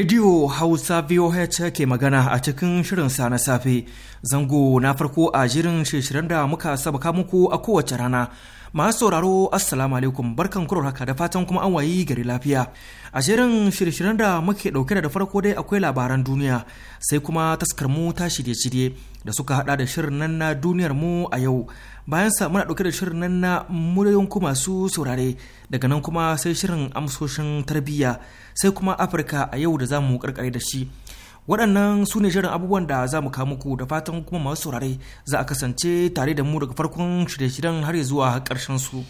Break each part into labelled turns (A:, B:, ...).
A: Radio Hausa VOH ke magana a cikin shirin sa na safe, zango na farko a jirin shirin da muka saba muku a kowace rana. masu sauraro assalamu alaikum barkan kurar haka da fatan kuma an wayi gari lafiya a shirin shirye-shiryen da muke dauke da farko dai akwai labaran duniya sai kuma taskar mu ta shirye-shirye da suka hada da shirin nan na duniyar mu a yau bayan sa muna dauke da shirin nan na muryoyin ku masu saurare daga nan kuma sai shirin amsoshin tarbiyya sai kuma afirka a yau da zamu karkare da shi waɗannan su ne shirin abubuwan da za mu kawo muku da fatan kuma masu saurare za a kasance tare da mu daga farkon shirye-shiryen har zuwa ƙarshen su.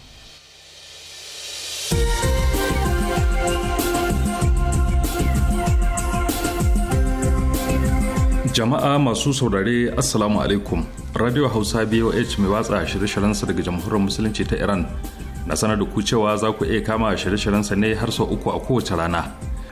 B: jama'a masu saurare assalamu alaikum radio hausa boh mai watsa shirye sa daga jamhuriyar musulunci ta iran na sanar da ku cewa za ku iya kama shirye sa ne har sau uku a kowace rana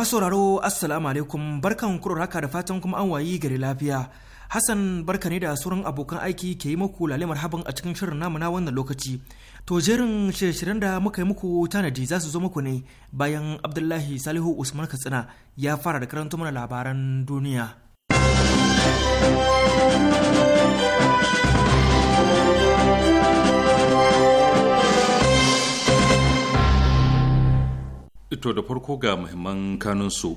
A: Masu sauraro Assalamu alaikum barkan kurar haka da fatan kuma an wayi gari lafiya. Hassan barka ne da sauran abokan aiki ke yi muku lale marhaban a cikin shirin namu na wannan lokaci. To jerin shirye-shiryen da muka yi muku tanadi za su zo muku ne bayan Abdullahi Salihu Usman Katsina ya fara da karanta mana labaran duniya.
B: to da farko ga muhimman kanunsu.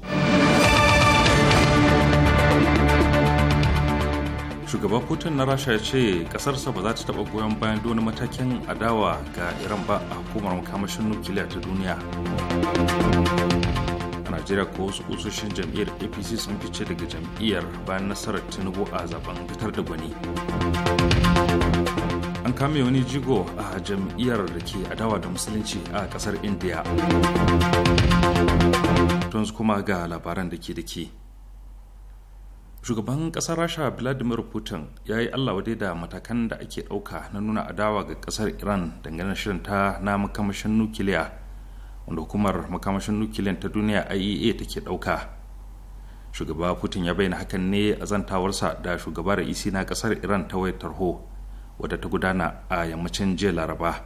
B: Shugaba Putin na Rasha ya ce kasarsa ba za ta taɓa goyon bayan wani matakin adawa ga Iran ba a hukumar makamashin nukiliya ta duniya. A Najeriya ko wasu kusoshin jam'iyyar APC sun fice daga jam'iyyar bayan nasarar Tinubu a zaben fitar da gwani. an kame wani jigo a jam'iyyar da ke adawa da musulunci a kasar india su kuma ga labaran da ke da ke shugaban kasar rasha vladimir putin ya yi allah wadai da matakan da ake dauka na nuna adawa ga kasar iran dangane da shirin ta na makamashin nukiliya wanda hukumar makamashin nukiliyan ta duniya iea ke dauka shugaba putin ya bayyana hakan ne a zantawarsa da shugaba isi na kasar iran ta wayar tarho wadda ta gudana a yammacin jiya laraba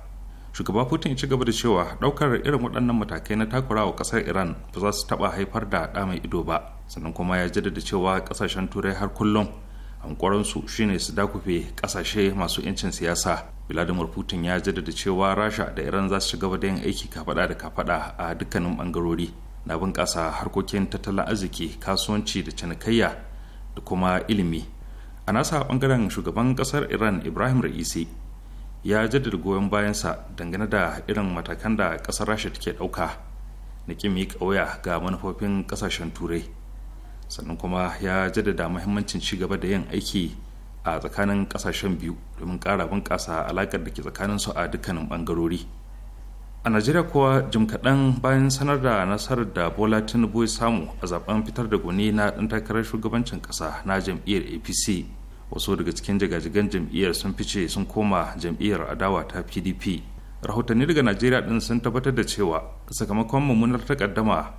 B: shugaba putin ya ci gaba da cewa daukar irin waɗannan matakai na takurawa ƙasar iran ba za su taɓa haifar da ɗa mai ido ba sannan kuma ya jaddada cewa ƙasashen turai har kullum hankoransu shine su dakufe ƙasashe masu 'yancin siyasa vladimir putin ya jaddada cewa rasha da iran za su ci gaba da yin aiki kafaɗa da kafaɗa a dukkanin ɓangarori na bunƙasa harkokin tattalin arziki kasuwanci da cinikayya da kuma ilimi a nasa bangaren shugaban kasar iran ibrahim ra'isi ya jaddada goyon bayansa dangane da irin matakan da kasar rasha take dauka na kim kauya ga manufofin kasashen turai sannan kuma ya jaddada mahimmancin ci gaba da yin aiki a tsakanin kasashen biyu domin kara bunƙasa alakar da ke tsakanin su a dukkanin bangarori a najeriya kuwa jim kaɗan bayan sanar da nasarar da bola tinubu samu a zaben fitar da gwani na ɗan takarar shugabancin ƙasa na jam'iyyar apc wasu daga cikin jiga-jigan jam'iyyar sun fice sun koma jam'iyyar adawa ta pdp rahotanni daga najeriya din sun tabbatar da cewa sakamakon mummunar takaddama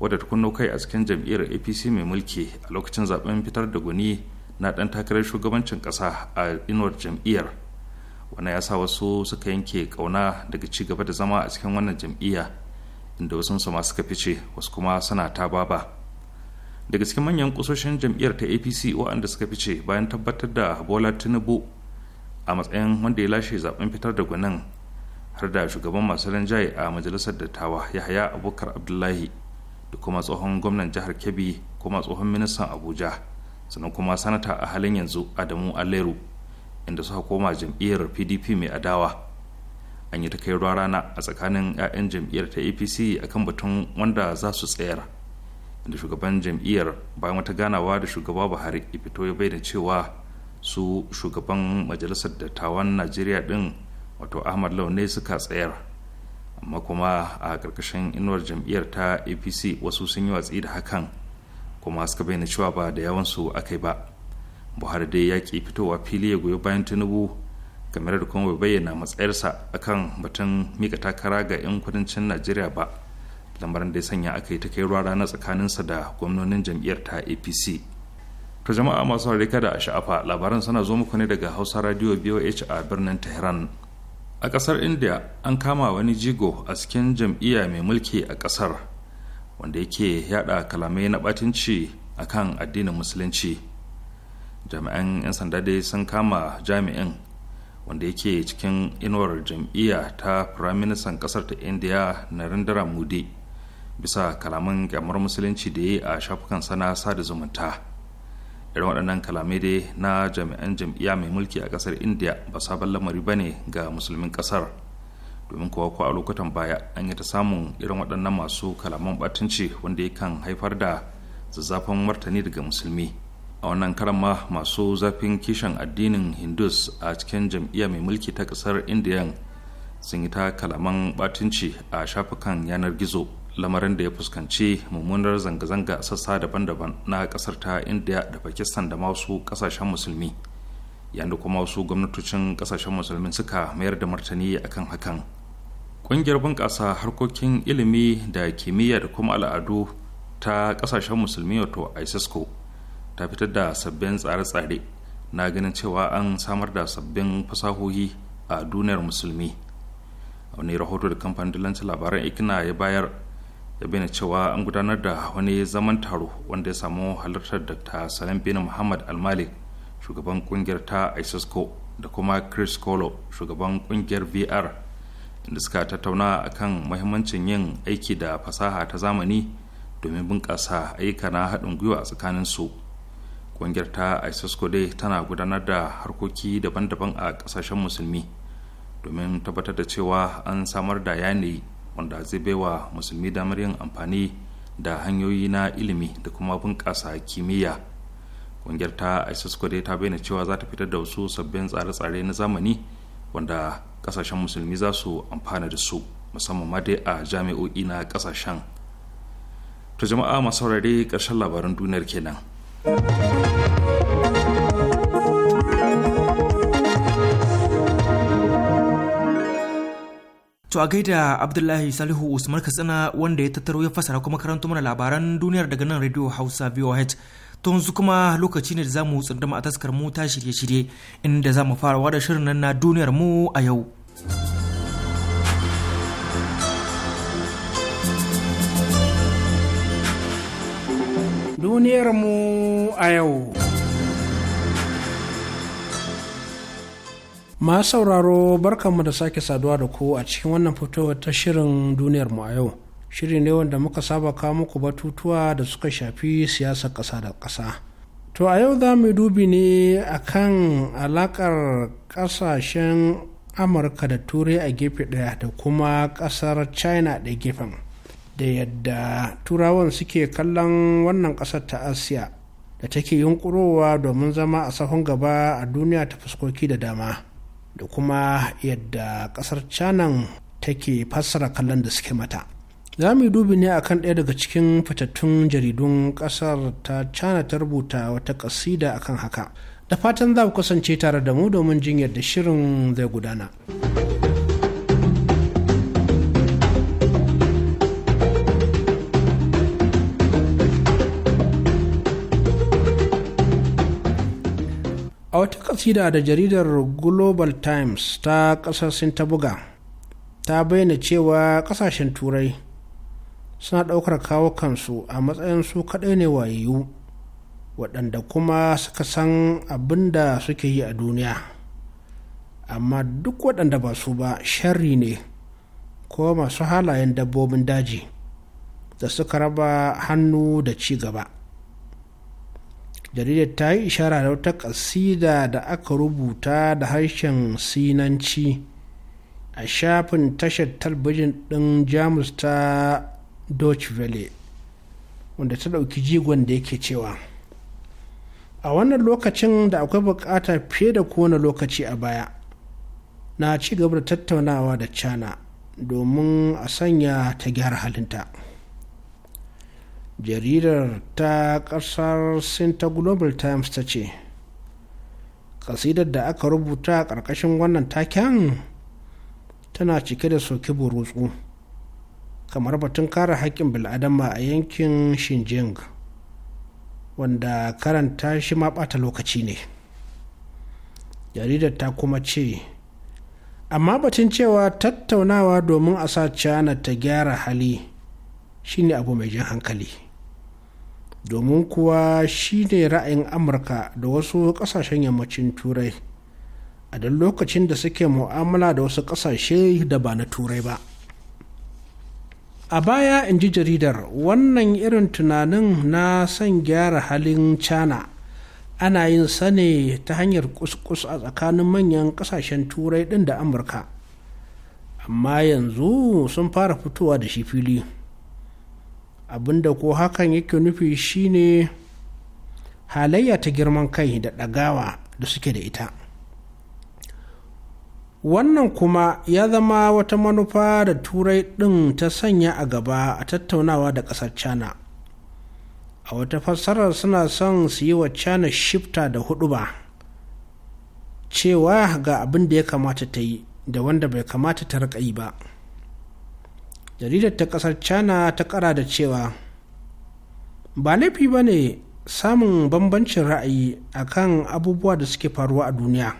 B: wadda ta kunno kai a cikin jam'iyyar apc mai mulki a lokacin zaben fitar da guni na dan takarar shugabancin kasa a inuwar jam'iyyar wannan ya sa wasu suka yanke kauna daga ci gaba da zama a cikin wannan jam'iyya inda wasu masu suka fice wasu kuma suna ta baba daga cikin manyan kusoshin jam'iyyar ta apc waɗanda suka fice bayan tabbatar da bola tinubu a matsayin wanda ya lashe zaben fitar da gwanin har da shugaban masu rinjaye a majalisar dattawa yahaya abubakar abdullahi da kuma tsohon gwamnan jihar kebbi kuma tsohon ministan abuja sannan kuma sanata a halin yanzu adamu aleru inda suka koma jam'iyyar pdp mai adawa an yi ta kai rana a tsakanin 'ya'yan jam'iyyar ta apc akan batun wanda za su tsayar da shugaban jam'iyyar bayan wata ganawa da shugaba buhari ya fito ya bayyana cewa su shugaban majalisar dattawan najeriya din wato ahmad ne suka tsayar amma kuma a ƙarƙashin inuwar jam'iyyar ta apc wasu sun yi watsi da hakan kuma suka bayyana cewa ba da yawansu aka yi ba buhari dai ya ki fitowa fili ya goyi bayan tinubu kamar da kuma bai bayyana matsayarsa akan batun mika takara ga 'yan kudancin najeriya ba lamarin da ya sanya aka yi ta kai ruwa rana tsakaninsa da gwamnonin jam'iyyar ta apc to jama'a masu kada a sha'afa labaran suna zo muku ne daga hausa radio voh a birnin tehran a kasar india an kama wani jigo a cikin jam'iyya mai mulki a kasar wanda yake yada kalamai na batinci akan addinin musulunci jami'an 'yan sanda dai sun kama jami'in wanda yake cikin inuwar jam'iyya ta firaministan ƙasar ta indiya narendra modi bisa kalaman kyamar musulunci da ya yi a shafukan sana sada zumunta irin waɗannan kalamai dai na jami'an jam'iyya mai mulki a ƙasar india ba sabon lamari ba ne ga musulmin ƙasar domin kuwa ko a lokutan baya an yi ta samun irin waɗannan masu kalaman batunci wanda yakan haifar da zazzafan martani daga musulmi a wannan karan ma masu zafin kishin addinin hindus a cikin jam'iyya mai mulki ta ƙasar indiyan sun yi ta kalaman batunci a shafukan yanar gizo lamarin da ya fuskanci mummunar zanga-zanga sassa daban-daban na kasar ta india da pakistan da masu kasashen musulmi yadda kuma wasu gwamnatocin kasashen musulmi suka mayar da martani akan hakan ƙungiyar bunƙasa harkokin ilimi da kimiyya da kuma al'adu ta kasashen musulmi wato isisco e ta fitar da sabbin tsare-tsare na ganin cewa an samar da sabbin fasahohi a duniyar musulmi wani rahoto da kamfanin labaran ikina ya bayar da bayyana cewa an gudanar da wani zaman taro wanda ya samu halartar dr salim bin muhammad almalik shugaban kungiyar ta isisco da kuma chris colo shugaban kungiyar vr inda suka tattauna kan mahimmancin yin aiki da fasaha ta zamani domin bunƙasa ayyuka na haɗin gwiwa a tsakanin su kungiyar ta isisco dai tana gudanar da harkoki daban-daban a ƙasashen musulmi domin tabbatar da cewa an samar da yanayi wanda zai baiwa musulmi damar yin amfani da hanyoyi na ilimi da kuma bunƙasa kimiyya ƙungiyar ta isis dai ta bayyana cewa za ta fitar da wasu sabbin tsare-tsare na zamani wanda ƙasashen musulmi za su amfana da su musamman ma dai a jami'o'i na ƙasashen ta jama'a masu saurare ƙarshen labaran duniyar kenan
A: To a gaida Abdullahi Salihu Usman Katsina wanda ya tattaro ya fasara kuma karanto mana labaran duniyar daga nan Radio Hausa VOH. To yanzu kuma lokaci ne da zamu tsunduma a taskar mu ta shirye-shirye inda zamu farawa da shirin nan na duniyar mu a yau.
C: Duniyar mu a yau. ma sauraro barkanmu da sake saduwa da ku a cikin wannan fitowar ta shirin duniyar mu a yau shiri ne wanda muka saba kawo muku batutuwa da suka shafi siyasar ƙasa da ƙasa to a yau za mu dubi ne akan alakar ƙasashen amurka da turai a gefe ɗaya da kuma ƙasar china da gefen da yadda turawan suke kallon wannan ƙasar ta asiya da take yunkurowa domin zama a sahun gaba a duniya ta fuskoki da dama da kuma yadda kasar canan take fassara kallon da suke mata za mu yi dubi ne akan ɗaya daga cikin fitattun jaridun kasar ta cana ta rubuta wata ƙasida akan haka da fatan za ku kasance tare da mu domin jin yadda shirin zai gudana. a wata kasida da jaridar global times ta kasar sin ta buga ta bayyana cewa kasashen turai suna ɗaukar kawo kansu a matsayin su kaɗai ne wayayu waɗanda kuma suka san abin da suke yi a duniya amma duk waɗanda ba su ba sharri ne ko masu halayen dabbobin daji da suka raba hannu da ci gaba. jaridar ta yi ishara da wata kasida da aka rubuta da harshen sinanci a shafin tashar talbijin ɗin jamus ta deutsche valley wanda ta ɗauki jigon da yake cewa a wannan lokacin da akwai bukata fiye da kowane lokaci a baya na ci gaba da tattaunawa da cana domin a sanya ta gyara halinta. jaridar ta kasar sin ta global times ta ce kasidar da aka rubuta a ƙarƙashin wannan taken tana cike da soke burutsu kamar batun kare haƙƙin bil'adama a yankin xinjiang wanda karanta shi ma ɓata lokaci ne jaridar ta kuma ce amma batun cewa tattaunawa domin a sa china ta gyara hali Shi ne abu mai jan hankali domin kuwa shi ne ra'ayin amurka da wasu kasashen yammacin turai a duk lokacin da suke mu'amala da wasu kasashe da ba na turai ba a baya in ji jaridar wannan irin tunanin na son gyara halin china ana yin sane ta hanyar kuskus a tsakanin manyan kasashen turai din da amurka amma yanzu sun fara fitowa da shi fili. abinda ko hakan yake nufi shine halayya ta girman kai da ɗagawa da suke da ita wannan kuma ya zama wata manufa da turai ɗin ta sanya a gaba a tattaunawa da ƙasar china a wata fassarar suna son su yi wa china shifta da hudu ba cewa ga abin da ya kamata ta yi da wanda bai kamata ta riƙa yi ba jaridar ta kasar china ta kara da cewa ba laifi ba ne samun bambancin ra'ayi akan abubuwa da suke faruwa a duniya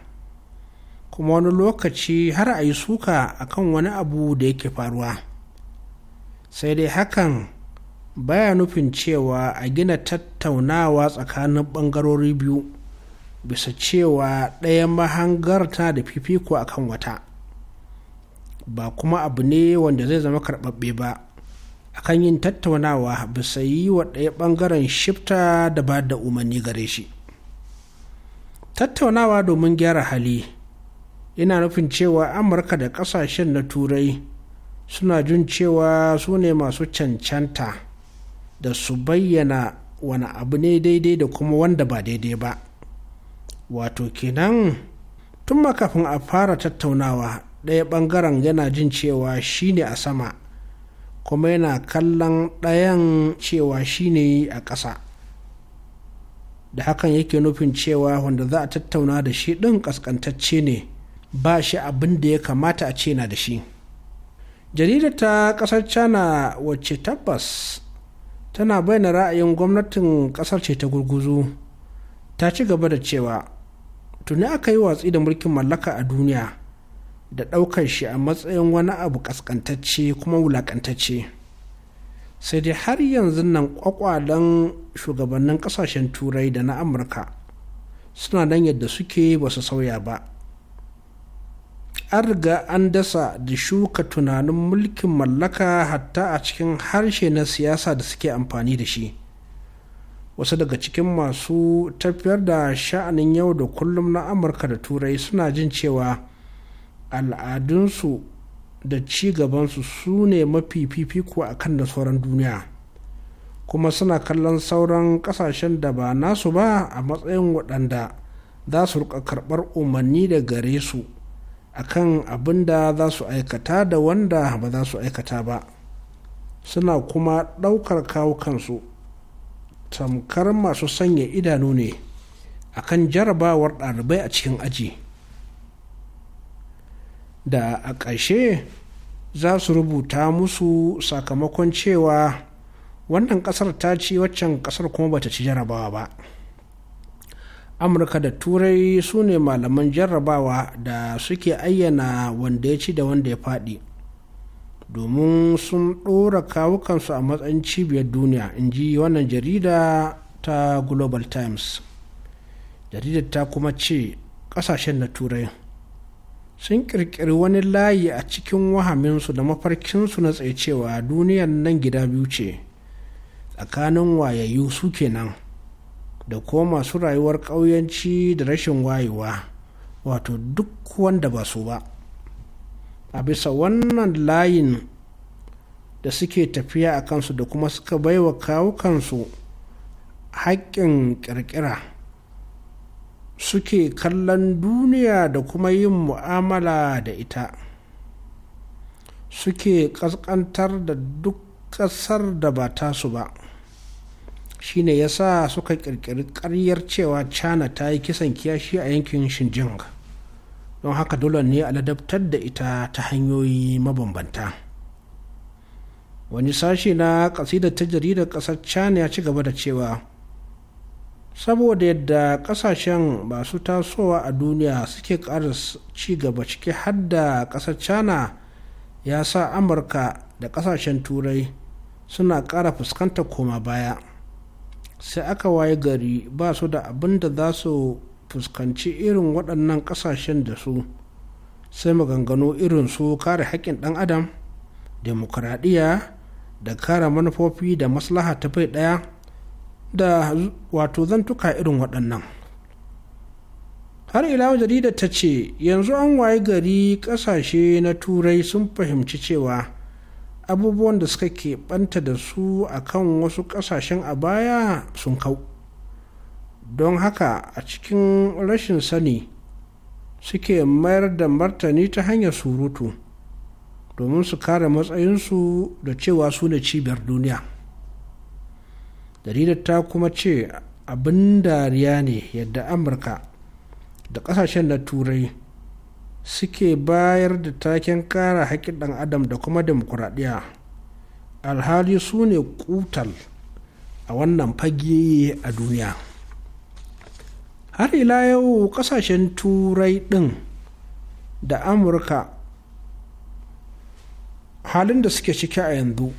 C: kuma wani lokaci har a yi suka akan wani abu da yake faruwa sai dai hakan baya nufin cewa a gina tattaunawa tsakanin bangarori biyu bisa cewa ɗaya mahangar ta da fifiko akan wata ba kuma abu ne wanda zai zama karɓaɓɓe ba akan yin tattaunawa bisa yi wa ɗaya ɓangaren shifta da ba da umarni gare shi tattaunawa domin gyara hali ina nufin cewa amurka da ƙasashen na turai suna jin cewa su ne masu cancanta da su bayyana wani abu ne daidai da kuma wanda ba daidai ba wato kenan tun ma kafin a fara tattaunawa ɗaya ɓangaren yana jin cewa shi ne a sama kuma yana kallon ɗayan cewa shi ne a ƙasa da hakan yake nufin cewa wanda za a tattauna da shi ɗin ƙasƙantacce ne ba shi abin da ya kamata a ce na da shi Jaridar ta ƙasar china wacce tabbas tana bayyana ra'ayin gwamnatin ƙasar ce ta gurguzu ta ci gaba da cewa tuni aka yi watsi da mulkin mallaka a duniya da ɗaukar shi a matsayin wani abu ƙasƙantacce kuma wulaƙantacce sai dai har yanzu nan ƙwaƙwalen shugabannin ƙasashen turai da na amurka suna nan yadda suke ba su sauya ba an riga an dasa da shuka tunanin mulkin mallaka hatta a cikin harshe na siyasa da suke amfani da shi wasu daga cikin masu tafiyar da sha'anin yau da kullum na amurka da turai suna jin cewa al'adunsu da ci gabansu su ne mafi fifiko a kan da sauran duniya kuma suna kallon sauran kasashen da ba nasu ba a matsayin waɗanda za su rika karɓar umarni da gare su a kan abin da za su aikata da wanda ba za su aikata ba suna kuma ɗaukar kawo kansu tamkar masu sanya idanu ne akan jarabawar ɗalibai a cikin aji da a ƙarshe za su rubuta musu sakamakon cewa wannan ƙasar ta ci waccan ƙasar kuma bata ci jarabawa ba amurka da turai su ne malaman jarrabawa da suke ayyana wanda ya ci da wanda ya faɗi domin sun ɗora kawukansu a matsayin cibiyar duniya in ji wannan jarida ta global times jaridar ta kuma ce ƙasashen na turai sun kirkiri wani layi a cikin wahaminsu da mafarkinsu na tsaye cewa duniyar nan gida biyu ce tsakanin wayayyu su kenan da ko masu rayuwar ƙauyanci da rashin wayewa wato duk wanda ba su ba a bisa wannan layin da suke tafiya a kansu da kuma suka baiwa kawukansu haƙƙin ƙirƙira suke kallon duniya da kuma yin mu'amala da ita suke ƙasƙantar da duk ƙasar da ba tasu ba shine ya sa suka ƙirƙiri ƙaryar cewa china ta yi kisan kiyashi a yankin shinjing don haka dole ne a ladabtar da ita ta hanyoyi mabambanta wani sashi na ƙasida ta jaridar ƙasar china ya ci gaba da cewa saboda yadda kasashen masu tasowa a duniya suke ƙara ci gaba ciki har da ƙasar china ya sa amurka da kasashen turai suna ƙara fuskantar koma baya sai aka waye gari ba su da abin da za su fuskanci irin waɗannan ƙasashen da su sai maganganu irin su kare haƙƙin ɗan adam demokuraɗiyya da kare manufofi da maslaha ta bai ɗaya da wato zan zantuka irin waɗannan har ila jarida ta ce yanzu an waye gari ƙasashe na turai sun fahimci cewa abubuwan da suka keɓanta da su a kan wasu ƙasashen a baya sun kau don haka a cikin rashin sani suke mayar da martani ta hanyar surutu domin su kare matsayinsu da cewa su ne cibiyar duniya jaridar ta kuma ce abin dariya ne yadda amurka da kasashen na turai suke bayar da taken kara haƙƙin ɗan adam da kuma demokuraɗiyya alhali su ne kutal a wannan fage a duniya har ila yau kasashen turai ɗin da amurka halin da suke ciki a yanzu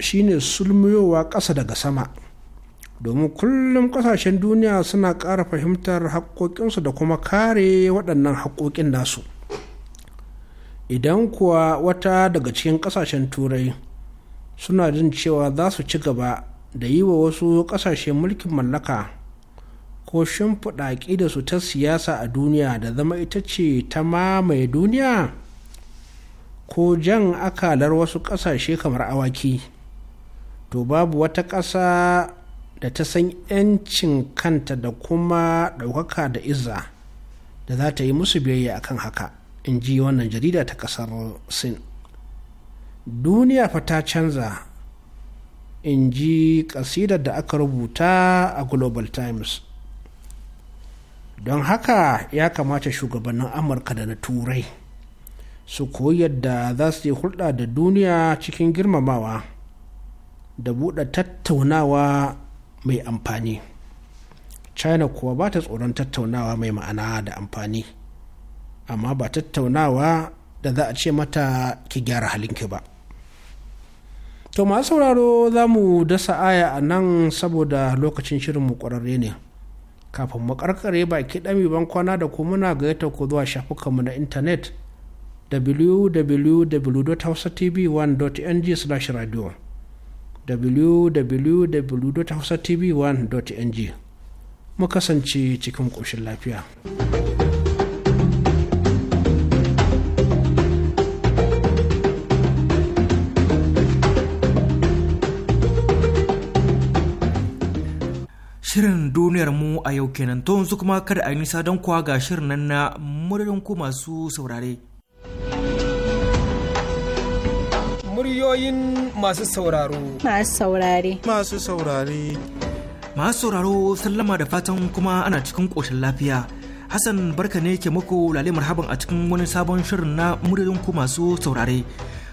C: shine sulmiyowa ƙasa daga sama domin kullum kasashen duniya suna ƙara fahimtar haƙoƙinsu da kuma kare waɗannan haƙoƙin nasu idan kuwa wata daga cikin ƙasashen turai suna jin cewa za su ci gaba da yi wa wasu ƙasashen mulkin mallaka ko shimfiɗa da su ta siyasa a duniya da zama ita ce ta mamaye duniya ko jan akalar wasu ƙasashe kamar awaki to babu wata ƙasa da ta san 'yancin kanta da kuma ɗaukaka da izza da za ta yi musu biyayya akan haka in ji wannan jarida ta ƙasar sin duniya fa ta canza in ji ƙasidar da aka rubuta a global times don haka ya kamata shugabannin amurka da na turai su koyi yadda za su yi hulɗa da duniya cikin girmamawa da buɗe tattaunawa mai amfani china kuwa ba ta tsoron tattaunawa mai ma'ana da amfani amma ba tattaunawa da za a ce mata ki gyara halinki ba to masu sauraro za mu dasa aya a nan saboda lokacin shirin mu ƙwararre ne kafin mu karkare baki ɗami ban kwana da ku muna gayyata ku zuwa shafukanmu na intanet www.hausatv1.ng/radio www.hausatv1.ng mu kasance cikin ƙoshin lafiya.
A: Shirin duniyar mu a yau kenan to yanzu kuma kada a yi nisa don kuwa ga shirin nan na madadin ku masu saurare.
D: Muryoyin masu sauraro. Masu saurare. Masu saurare.
A: Masu sauraro sallama da fatan kuma ana cikin ƙoshin lafiya. Hassan barka ne ke muku lale marhaban a cikin wani sabon shirin na muryoyin masu saurare.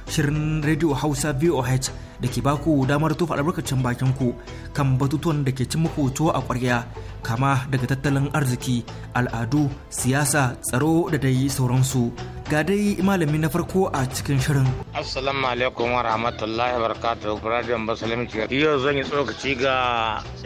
A: Shirin Radio Hausa VOH da ke baku damar tofa albarkacin bakin ku kan batutuwan da ke cin muku tuwo a ƙwarya kama daga tattalin arziki, al'adu, siyasa, tsaro da dai sauransu. Ga dai malami na farko a cikin shirin.
E: assalamu alaikum wa rahmatullahi wa barakatuhu radio musulunci yau zan yi tsokaci ga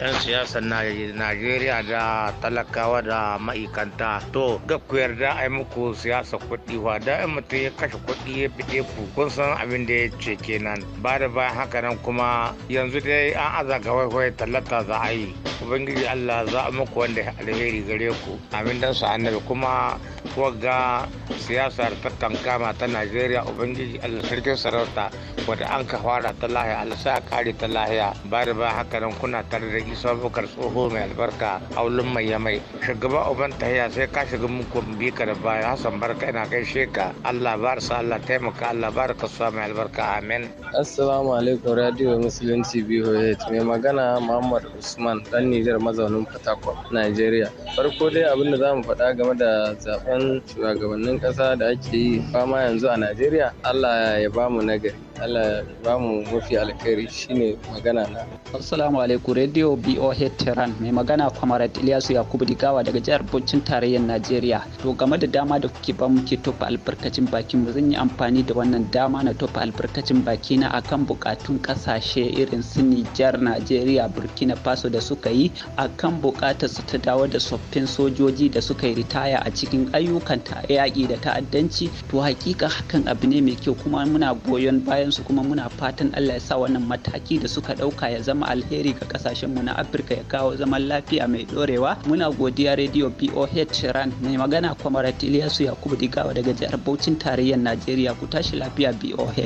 E: yan siyasar najeriya da talakawa da ma'aikanta to ga ku yarda a yi muku siyasa kuɗi wa da in mutum ya kashe kuɗi ya fite ku kun san abin da ya ce kenan ba da bayan haka nan kuma yanzu dai an aza ga waiwai tallata za a yi ubangiji allah za a muku wanda alheri gare ku amin dan su annabi kuma wagga siyasar ta kankama ta najeriya ubangiji allah sarki cikin sarauta wadda an ka fara ta lahiya a kare ta lahiya ba da ba haka nan kuna tare da isa bukar tsoho mai albarka aulun mai yamai shugaba uban tahiya sai ka shiga muku bi ka da baya hasan barka ina gaishe sheka allah barsa allah taimaka allah barka su mai albarka amin
F: assalamu alaikum radio musulunci bihoyet mai magana muhammad usman dan nijar mazaunin fatakwal nigeria farko dai abin da za mu faɗa game da zaben shugabannin ƙasa da ake yi fama yanzu a nigeria allah ya Bamu na gari nagari Allah mafi alkhairi shine magana na
G: Assalamu alaikum Radio BOH Tehran mai magana Kwamarat Ilyasu Yakubu Digawa daga jihar Bauchin tarayyar Najeriya to game da dama da kuke ba ke tofa albarkacin baki mu zan yi amfani da wannan dama na tofa albarkacin baki na akan bukatun kasashe irin su Nijar Najeriya Burkina Faso da suka yi akan bukatar su ta dawo da tsoffin sojoji da suka yi ritaya a cikin ayyukan yaƙi da ta'addanci to hakika hakan abu ne mai kyau kuma muna goyon bayansu kuma muna fatan Allah ya sa wannan mataki da suka ɗauka ya zama alheri ga kasashen mu na Afirka ya kawo zaman lafiya mai ɗorewa. muna godiya radio POH ran mai magana kwamarat Ilyasu Yakubu Digawa daga jihar Bauchin tarayyar Najeriya ku tashi lafiya POH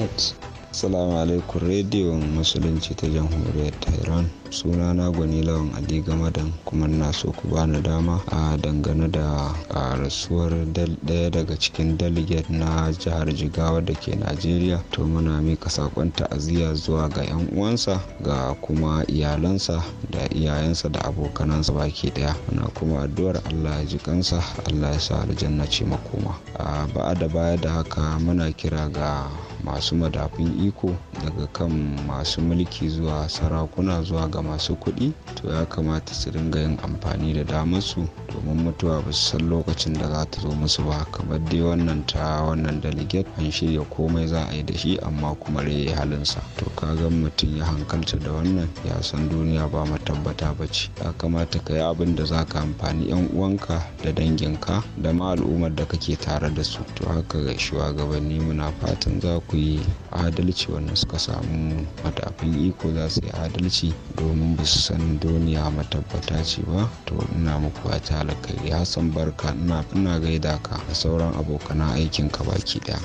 H: Assalamu alaikum rediyon musulunci ta jamhuriyar Tehran suna na gwani lawan ali gamadan kuma na so ku bani dama a dangane da rasuwar daya daga cikin delegate na jihar jigawa da ke najeriya to muna mika sakon ta'aziyya zuwa ga yan uwansa ga kuma iyalansa da iyayensa da abokanansa baki daya muna kuma addu'ar allah ya ji kansa allah ya sa aljanna ce makoma a ba'a da baya da haka muna kira ga masu madafin iko daga kan masu mulki zuwa sarakuna zuwa ga masu kuɗi to ya kamata su ringa yin amfani da damarsu domin mutuwa ba su san lokacin da za ta zo musu ba kamar dai wannan ta wannan delegate an shirya komai za a yi da shi amma kuma rai halinsa to ka ga mutum ya hankalta da wannan ya san duniya ba mu tabbata ba ce ya kamata ka yi abin da za ka amfani yan uwanka da danginka da ma al'ummar da kake tare da su to haka ga shugabanni muna fatan za ku yi adalci wanda suka samu matafin iko za su yi adalci domin ba san duniya matabbata ce ba to ina muku a wata ya hassan barka ina gaida ka da sauran abokan aikin ka baki ɗaya.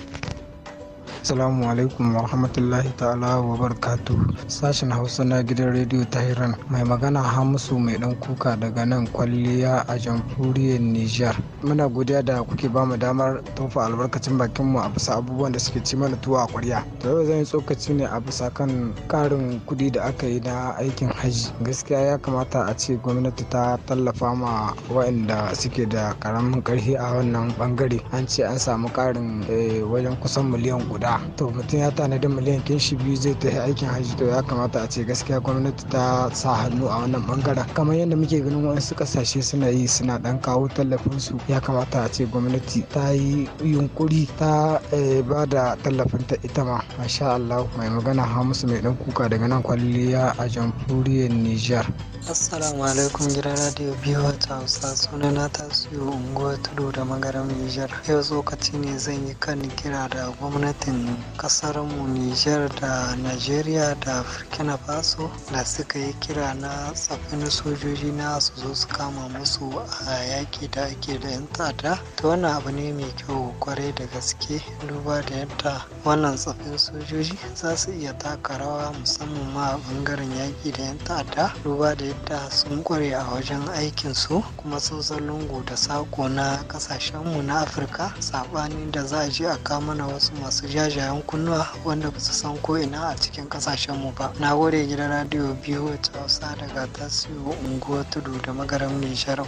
I: assalamu alaikum wa rahmatullahi ta'ala wa barkatu sashen hausa na gidan rediyo tahiran mai magana hamisu mai dan kuka daga nan kwalliya a jamhuriyar Nijar. muna godiya da kuke ba mu damar tofa albarkacin bakin mu a bisa abubuwan da suke ci mana tuwa a kwarya da yau zan yi tsokaci ne a bisa kan karin kuɗi da aka yi na aikin hajji gaskiya ya kamata a ce gwamnati ta tallafa ma waɗanda suke da karamin karfi a wannan bangare an ce an samu karin eh, wajen kusan miliyan guda to mutum ya tanadi miliyan kin shi biyu zai tafi aikin hajji to ya kamata a ce gaskiya gwamnati ta sa hannu a wannan bangaren kamar yadda muke ganin wasu kasashe suna yi suna dan kawo tallafin su ya kamata a ce gwamnati ta yi yunkuri ta eh, ba da tallafin ta ita ma masha Allah mai magana Hamisu mai dan kuka daga nan kwalliya a jamhuriyar Niger Assalamu alaikum gidan radio biyu ta Hausa suna na tasiri unguwar tudu da magaran Niger yau tsokaci ne zan yi kan kira da gwamnatin kasarmu Nijar da Najeriya da Burkina Faso da suka yi kira na tsafin sojoji na su zo su kama musu a yaƙi da ake da 'yan ta'adda. Ta wannan abu ne mai kyau kwarai da gaske duba da yadda wannan tsafin sojoji za su iya taka rawa musamman ma a bangaren yaƙi da 'yan ta'adda duba da yadda sun kware a wajen aikinsu kuma sun san lungu da sako na ƙasashenmu na Afirka saɓani da za a je a kama na wasu masu jari jajayen kunnuwa wanda ba su san ko ina a cikin kasashenmu ba na gode gidan radiyo biyu wacce hausa daga tasiyo unguwar tudu da magaram nijar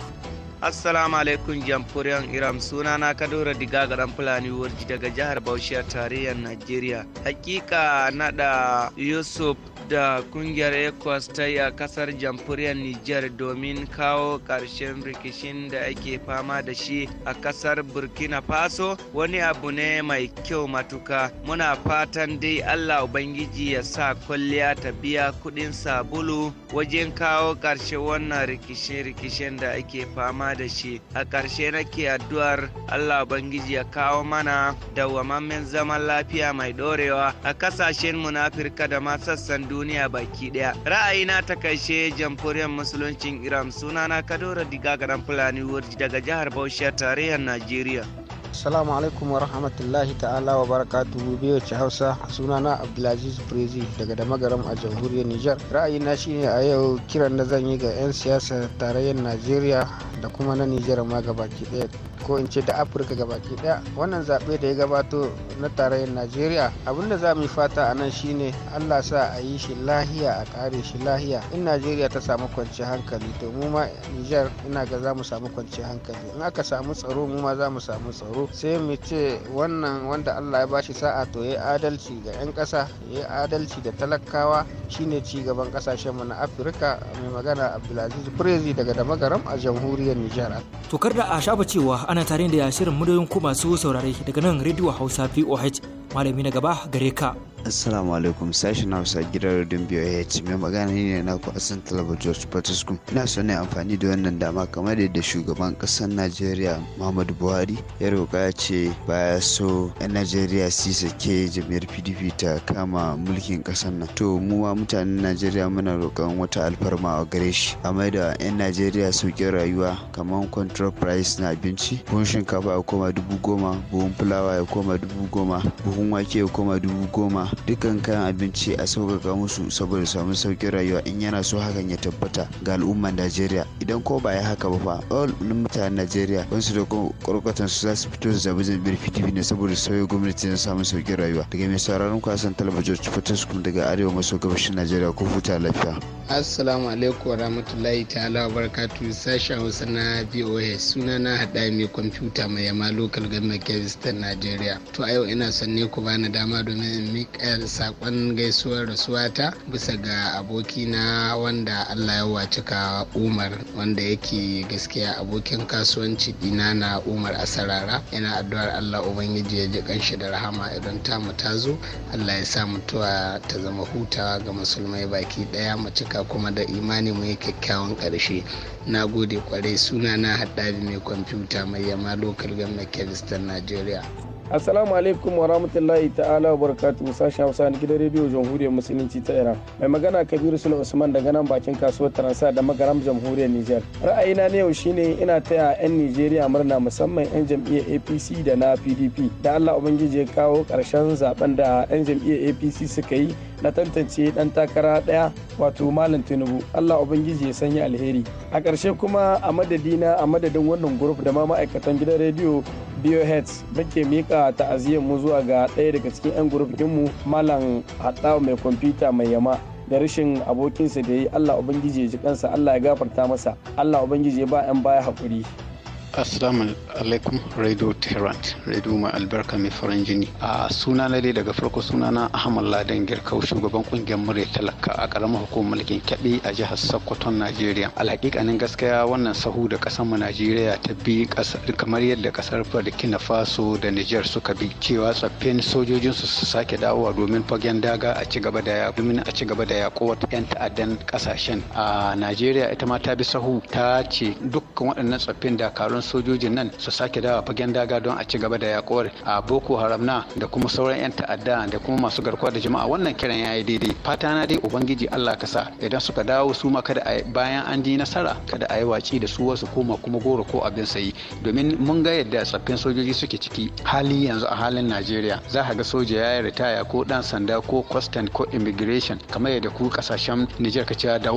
G: assalamu alaikum jamhuriyar iram suna na kadora diga dan fulani warji daga jihar bauchi a tarayyar najeriya hakika nada yusuf da kungiyar ecos ta yi a kasar jamhuriyar niger domin kawo karshen rikishin da ake fama da shi a kasar burkina faso wani abu ne mai kyau matuka muna fatan dai allah ubangiji ya sa kwalliya ta biya kudin sabulu wajen kawo ƙarshe wannan rikishin-rikishin da ake fama A da shi a ƙarshe nake addu'ar allah bangiji ya kawo mana dawwamammen zaman lafiya mai ɗorewa a ƙasashen mu na afirka da ma sassan duniya baki ɗaya ra'ayina ta kaishe jamhuriyar musuluncin iran sunana kadora diga garan fulani daga jihar bauchi tarayyar najeriya
F: Assalamu alaikum wa rahmatullahi ta'ala wa barakatu biyo ci Hausa sunana Abdulaziz Brezi daga magaram a jamhuriyar Nijar. Ra'ayina shine a yau kiran da zan yi ga 'yan siyasa tarayyar Najeriya da kuma na Nijar ma gabaki daya ko in ce da Afirka gabaki daya Wannan zaɓe da ya gabato na tarayyar Najeriya abinda za mu fata a nan shine Allah sa a yi shi lahiya a kare shi lahiya. In Najeriya ta samu kwanciyar hankali to mu ma Nijar ina ga za mu samu kwanciyar hankali. In aka samu tsaro mu ma za mu samu tsaro. sai mu ce wannan wanda allah ya bashi sa'a to ya adalci ga 'yan ƙasa ya adalci da talakawa shine ci gaban mu na afirka mai magana abdulaziz brezi daga damagaram a jamhuriyar nijar
A: kar da a shafa cewa ana tare da shirin madoyin ku masu saurare daga nan rediyo hausa voh malami na gaba gare ka
H: Assalamu alaikum sashen Hausa gidan Rudin BOH mai magana ne na ku asan talabar George Patterson. Ina so ne amfani da wannan dama kamar yadda shugaban kasar Najeriya Muhammadu Buhari ya roƙa ce baya so 'yan Najeriya su sake jami'ar PDP ta kama mulkin kasar nan. To mu ma mutanen Najeriya muna roƙon wata alfarma a gare shi. A da 'yan Najeriya sauƙin rayuwa kamar control price na abinci, buhun shinkafa ya koma dubu goma, buhun fulawa ya koma dubu goma, buhun buhun wake ya koma dubu goma dukkan kayan abinci a sauƙaƙa musu saboda samun sauƙin rayuwa in yana so hakan ya tabbata ga al'ummar najeriya idan ko ba ya haka ba fa ɗin mutanen najeriya wasu da ƙwarƙwatan su za su fito su zaɓi zaɓi fitifi ne saboda sauya gwamnati na samun sauƙin rayuwa daga mai sauraron kwasan talabijin fitar school daga arewa maso gabashin najeriya ko huta lafiya.
E: assalamu alaikum wa rahmatullahi ta'ala wa barakatu sashen hausa na voa suna na haɗa mai kwamfuta mai yama lokal government kebis najeriya to a yau ina son ne ku bani dama domin in miƙa saƙon gaisuwar rasuwata bisa ga abokina wanda Allah ya ka Umar wanda yake gaskiya abokin kasuwanci dina na Umar Asarara yana addu'ar Allah Ubangiji ya ji kanshi da rahama idan ta mu ta zo Allah ya sa mutuwa ta zama hutawa ga musulmai baki ɗaya mu cika kuma da imani mu yi kyakkyawan ƙarshe na gode kwarai suna na haɗari mai kwamfuta mai yamma lokal gwamnan kevistan najeriya Assalamu alaikum wa rahmatullahi ta'ala wa barakatuhu sashen Hausa na gidan rediyo Jamhuriyar Musulunci ta Iran. Mai magana Kabiru Sule Usman daga nan bakin kasuwar Taransa da magaram Jamhuriyar Nijar. Ra'ayina na yau shine ina taya 'yan Nijeriya murna musamman 'yan jam'iyyar APC da na PDP. Da Allah Ubangiji ya kawo ƙarshen zaben da 'yan jam'iyyar APC suka yi na tantance dan takara daya wato malam tinubu allah ubangiji ya sanya alheri a ƙarshe kuma a madadina a madadin wannan grup da ma ma'aikatan gidan rediyo bioheads muke mika ta'aziyyar mu zuwa ga ɗaya daga cikin 'yan grup dinmu malam haɗawa mai kwamfuta mai yama da rashin abokinsa da ya yi allah ubangiji ya ji kansa allah ya gafarta masa allah ubangiji ya ba 'yan baya haƙuri
J: Assalamu alaikum Radio Tehrant, Radio mai albarka mai farin jini. A suna na dai daga farko suna na Ahmad Ladan Girkau shugaban kungiyar murya talaka a karamar hukumar mulkin kyabe a jihar Sokoto Najeriya. Alhakikanin gaskiya wannan sahu da kasar mu Najeriya ta bi kamar yadda kasar Burkina Faso da Niger suka bi cewa tsaffin sojojin su su sake dawowa domin fagen daga a ci gaba da domin a ci gaba da yakuwar yan ta'addan kasashen. A Najeriya ita ma ta bi sahu ta ce dukkan waɗannan tsaffin dakarun sauran sojojin nan su sake dawa fagen daga don a ci gaba da yakuwar a boko haram na da kuma sauran 'yan ta'adda da kuma masu garkuwa da jama'a wannan kiran ya yi daidai fata na dai ubangiji allah ka sa idan suka dawo su ma kada a bayan an ji nasara kada a yi waci da su wasu koma kuma goro ko abin sayi domin mun ga yadda tsaffin sojoji suke ciki hali yanzu a halin najeriya za ka ga soja ya yi ritaya ko dan sanda ko kwastan ko immigration kamar yadda ku kasashen nijar ka cewa da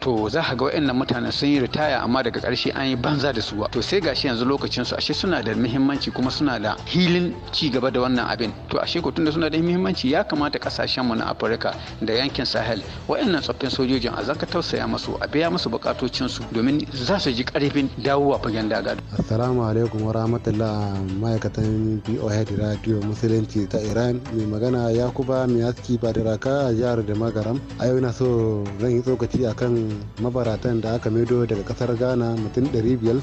J: to za ka ga wa'in mutanen sun yi ritaya amma daga karshe an yi banza da su to sai gashi yanzu lokacin su ashe suna da muhimmanci kuma suna da hilin ci gaba da wannan abin to ashe ko tunda suna da muhimmanci ya kamata kasashen mu na Afirka da yankin Sahel wayannan tsoffin sojojin a zaka tausaya musu a biya musu bukatocin su domin za su ji karfin dawowa fagen daga
F: Assalamu alaikum wa rahmatullah ma'aikatan BOH Radio Musulunci ta Iran mai magana Yakuba Miyaski Badiraka a jihar da Magaram a yau na so zan yi tsokaci akan mabaratan da aka maido daga kasar Ghana mutum 500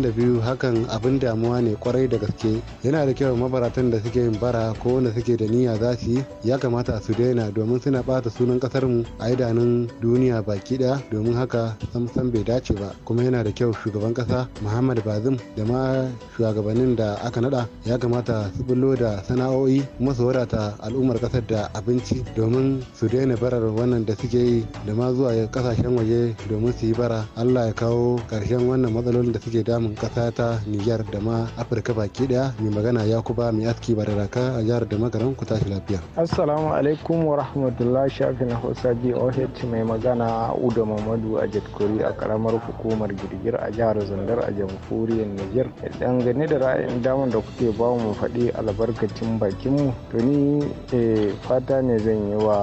F: da biyu hakan abin damuwa ne kwarai da gaske yana da kyau mabaratan da suke yin bara ko wanda suke da niyya za su yi ya kamata su daina domin suna bata sunan kasar mu a idanun duniya baki daya domin haka san bai dace ba kuma yana da kyau shugaban kasa muhammad bazim da ma shugabannin da aka nada ya kamata su bullo da sana'o'i kuma su wadata al'ummar kasar da abinci domin su daina barar wannan da suke yi da ma zuwa kasashen waje domin su yi bara allah ya kawo karshen wannan matsalolin da suke damun ƙasa ta Nijar da ma Afirka baki daya mai magana Yakuba mai aski raka a jihar da magaran ku tashi lafiya. Assalamu alaikum wa rahmatullah shafin Hausa oh mai magana Uda Mamadu a jadkori a karamar hukumar girgir a jihar Zandar a jamhuriyar Nijar. Dangane da ra'ayin damar da kuke ba mu faɗi albarkacin bakin mu to ni eh, fata ne zan yi wa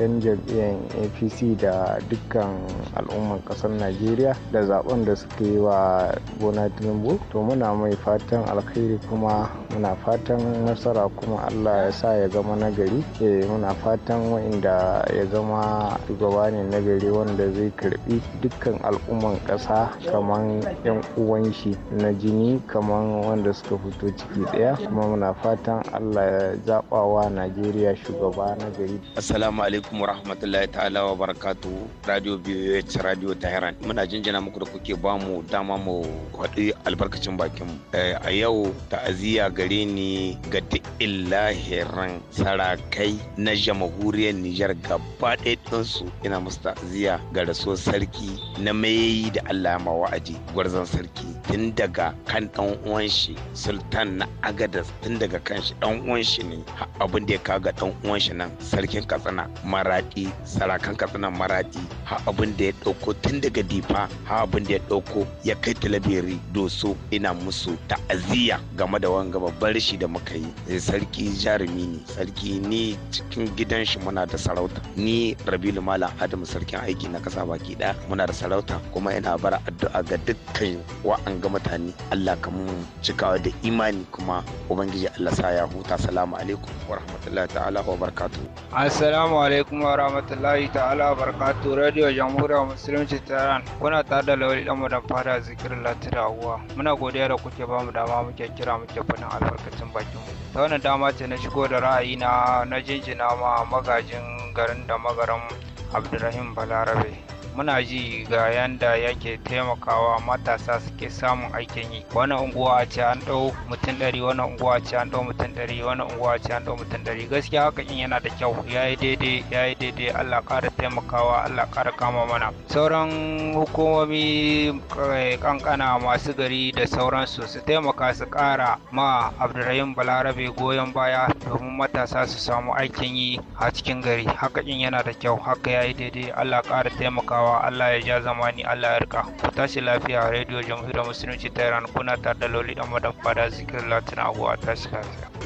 F: 'yan jam'iyyar APC da dukkan al'umman ƙasar Najeriya da zaben da suke yi wa gona tinubu to muna mai fatan alkhairi kuma muna fatan nasara kuma allah ya sa ya zama nagari e muna fatan wa'inda ya zama shugaba ne nagari wanda zai karbi dukkan al'umman kasa kaman yan uwan shi na jini kaman wanda suka fito ciki daya kuma muna fatan allah ya wa najeriya shugaba nagari
E: assalamu alaikum wa rahmatullahi ta'ala wa barakatu radio bih radio tehran muna jinjina muku da kuke bamu dama mu kwaɗi albarkacin bakin eh, a yau ta'aziyya gare ni ga lahirin sarakai na jamhuriyar Nijar gaba ɗinsu ina musu ta'aziyya ga rasuwar sarki na mayayi da Allah ma wa'adi gwarzon sarki tun daga kan ɗan uwan shi sultan na agadas tun daga kan shi ɗan uwan shi ne abin da ya kaga ɗan uwan shi nan sarkin katsina maraɗi sarakan katsina maraɗi ha abin da ya ɗauko tun daga difa ha abin da ya ɗauko ya kai talabijin Kadiri Doso ina musu ta'aziyya game da wanga babban shi da muka yi. Eh, sarki jarumi ne, sarki ni cikin gidan shi muna da sarauta. Ni Rabilu mala Adamu sarkin aiki na kasa baki ɗaya muna da sarauta kuma ina bara addu'a ga dukkan wa'anga mutane Allah ka mu cikawa da imani kuma Ubangiji Allah sa ya huta salamu alaikum wa rahmatullahi ta'ala wa barakatuhu.
D: Assalamu alaikum wa rahmatullahi ta'ala wa barakatuhu Radio Jamhuriyar Musulunci Tehran kuna tare da Lawali mu da fara Zikirin ƙara muna godiya da kuke bamu dama muke kira muke faɗin albarkacin bakin mu ta wannan dama ce na shigo da ra'ayi na na jinjina ma magajin garin da magaran abdulrahim balarabe muna ji ga yanda yake taimakawa matasa suke samun aikin yi wani unguwa a ce an ɗau mutum ɗari wani unguwa a ce an ɗau mutum ɗari wani unguwa a ce an ɗau mutum ɗari gaskiya haka in yana da kyau ya yi daidai ya yi daidai allah ƙara taimakawa allah ƙara kama mana sauran hukumomi kankana eh, masu gari da sauransu su taimaka su ƙara ma abdurrahim balarabe goyon baya domin matasa su samu aikin yi a cikin gari haka in yana da kyau haka ya yi daidai allah ƙara taimakawa karantawa Allah ya ja zamani Allah ya rika ku tashi lafiya radio jamhuriyar musulunci ta Iran kuna tare da Loli dan madan fada zikirin Latin abu tashi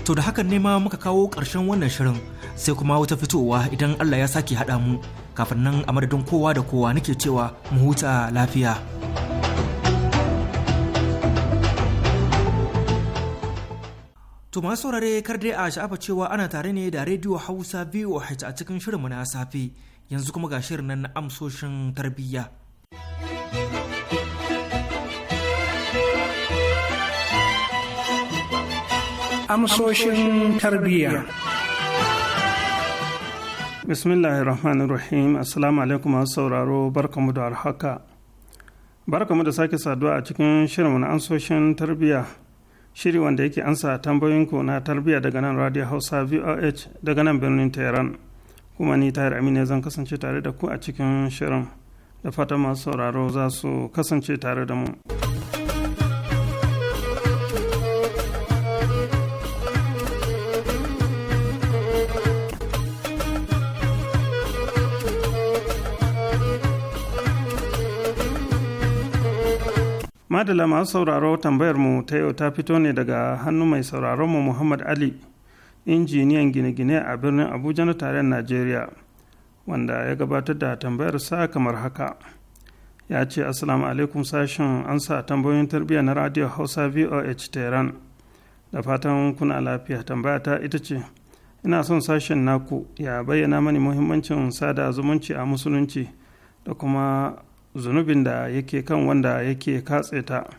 A: to da hakan ne ma muka kawo ƙarshen wannan shirin sai kuma wata fitowa idan Allah ya sake haɗa mu kafin nan a madadin kowa da kowa nake cewa mu huta lafiya To masu saurare kar dai a sha'afa cewa ana tare ne da rediyo Hausa VOH a cikin shirinmu na safe. yanzu kuma ga shirin nan na amsoshin tarbiyya.
C: Amsoshin tarbiyya.
K: rahim Assalamu alaikum masu sauraro barkamu da arhaka. Barkamu da sake saduwa a cikin shirin na amsoshin tarbiyya. Shiri wanda yake ansa tambayoyinku na tarbiyya daga nan Radio Hausa VOH daga nan birnin Tehran. kuma ni tahir amina zan kasance tare da ku a cikin shirin da fata masu sauraro za su kasance tare da mu madala masu sauraro tambayar mu ta yau ta fito ne daga hannu mai sauraron mu muhammad ali injiniyan gine-gine a birnin abuja na tarayyar najeriya wanda ya gabatar da tambayar sa kamar haka ya ce assalamu alaikum sashen an sa tambayoyin tarbiyya na radio hausa voh tehran da fatan kuna lafiya tambaya ta ita ce ina son sashen naku ya bayyana mani muhimmancin sada zumunci a musulunci da kuma zunubin da yake kan wanda yake katse ta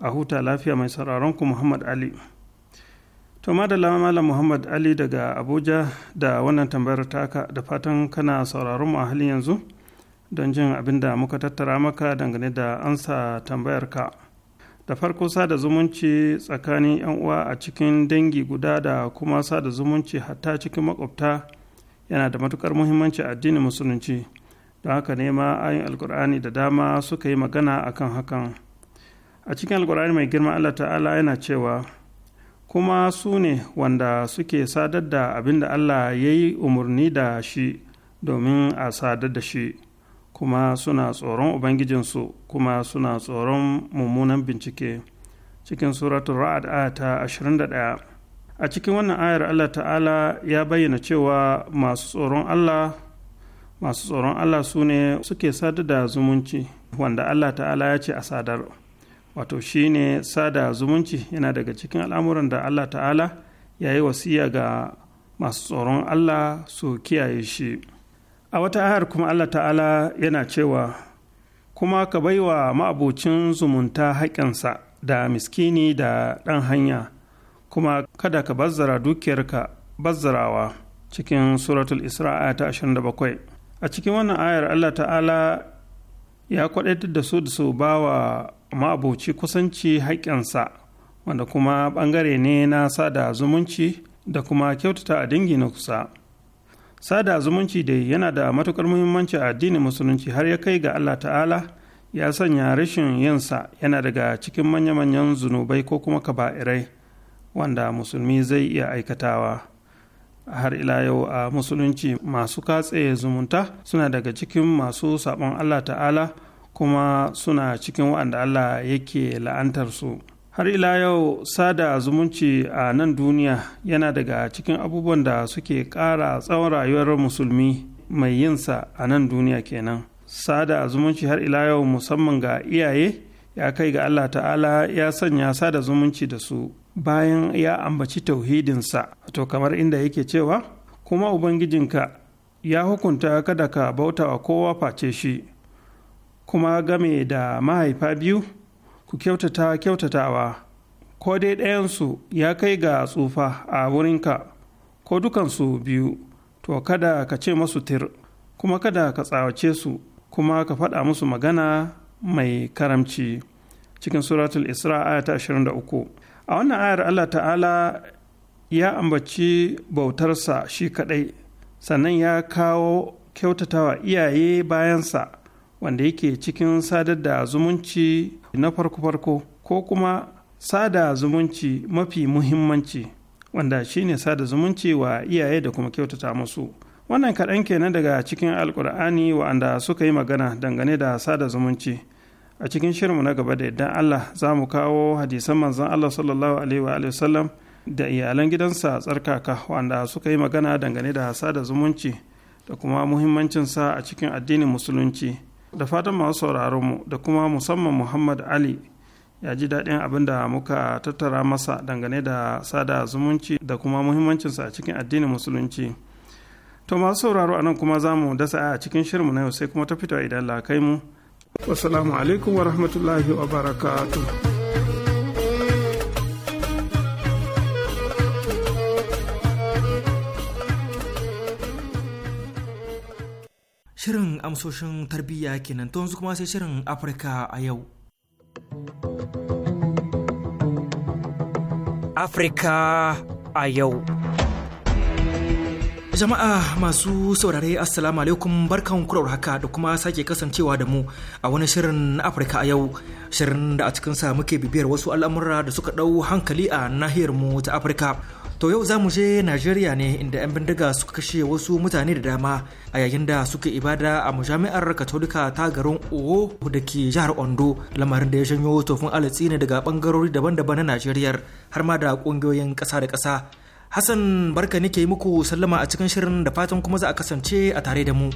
K: a huta lafiya mai ku muhammad ali To da Malam Muhammad Ali daga Abuja da wannan tambayar taka da fatan kana sauraron mu a halin yanzu don jin abin da muka tattara maka dangane da ansa tambayar ka. Da farko sada zumunci tsakanin 'yan uwa a cikin dangi guda da kuma sada zumunci hatta cikin makwabta yana da matukar muhimmanci a addinin musulunci. Don haka ne ma ayin alkur'ani da dama suka yi magana akan hakan. A cikin alkur'ani mai girma Allah ta'ala yana cewa kuma su ne wanda suke sadar da abin da Allah ya yi umarni da shi domin a sadar da shi kuma suna tsoron ubangijinsu kuma suna tsoron mummunan bincike cikin suratun ra'ad ta ɗaya. a cikin wannan ayar Allah ta'ala ya bayyana cewa masu tsoron Allah masu tsoron Allah su ne suke sadar da zumunci wanda Allah ta'ala ya ce a sadar. wato shine sada zumunci yana daga cikin al'amuran da allah ta'ala ya yi wasiya ga masu tsoron allah su kiyaye shi a wata ayar kuma allah ta'ala yana cewa kuma ka baiwa ma'abocin zumunta haƙƙinsa da miskini da ɗan hanya kuma kada ka bazzara dukiyarka bazzarawa cikin suratul isra'a ta 27 a cikin wannan ayar allah ta'ala ya kwadaitar da su da su ba wa ma'abuci kusanci haƙƙinsa wanda kuma bangare ne na sada zumunci da kuma kyautata a dangi na kusa sada zumunci dai yana da matuƙar muhimmanci a addinin musulunci har ya kai ga allah ta'ala ya sanya rashin yinsa yana daga cikin manya-manyan zunubai ko kuma kaba'irai wanda musulmi zai iya aikatawa. har ila yau a musulunci masu katse zumunta suna daga cikin masu sabon Allah ta'ala kuma suna cikin wa'anda Allah yake la'antarsu. Har ila yau sada zumunci a nan duniya yana daga cikin abubuwan da suke ƙara tsawon rayuwar musulmi mai yinsa a nan duniya kenan. Sada zumunci har ila yau musamman ga iyaye ya kai ga Allah ta'ala ya sanya sada zumunci da su bayan ya ambaci tauhidinsa to kamar inda yake cewa kuma Ubangijinka ya hukunta kada ka bauta wa kowa face shi. kuma game da mahaifa biyu ku kyautata kyautatawa ko dai ɗayansu ya kai ga tsufa a wurinka ko dukansu biyu to kada ka ce masu tir kuma kada ka tsawace su kuma ka faɗa musu magana mai karamci cikin suratul isra aya ta 23 a wannan ayar allah ta'ala ya ambaci bautarsa shi kaɗai sannan ya kawo kyautatawa iyaye bayansa wanda yake cikin sadar da zumunci na farko-farko ko kuma sada zumunci mafi muhimmanci wanda shine sada zumunci wa iyaye da kuma kyautata musu wannan kaɗan kenan daga cikin alkur'ani wa'anda suka yi magana dangane da sada zumunci a cikin shirinmu na gaba da idan allah za mu kawo hadisan manzan allah sallallahu alaihi wa sallam da iyalan gidansa tsarkaka wanda suka yi magana dangane da sada zumunci da kuma muhimmancinsa a cikin addinin musulunci da fatan masu sauraron mu da kuma musamman muhammad ali ya ji daɗin abin da muka tattara masa dangane da sada zumunci da kuma muhimmancinsa a cikin addinin musulunci to masu sauraro a nan kuma za mu dasa a cikin shirinmu na yau sai kuma ta fito idan la kai mu wasu alaikum wa rahmatullahi wa barakatuh
A: Shirin amsoshin tarbiyya kenan to yanzu kuma sai shirin Afirka a yau. Afirka a yau. Jama'a masu saurare Assalamu alaikum barkan kurar haka da kuma sake kasancewa da mu a wani shirin na Afirka a yau shirin da a cikinsa muke bibiyar wasu al'amura da suka ɗau hankali a nahiyar mu ta Afirka. To yau za mu je Najeriya ne inda 'yan bindiga suka kashe wasu mutane da dama a yayin da suka ibada a majami'ar Katolika ta garin Owo da ke jihar Ondo lamarin da ya janyo tofin alatsi ne daga bangarori daban-daban na Najeriya har ma da ƙungiyoyin ƙasa da ƙasa. Hassan barka nake muku sallama a cikin shirin da fatan kuma za a kasance a tare da mu.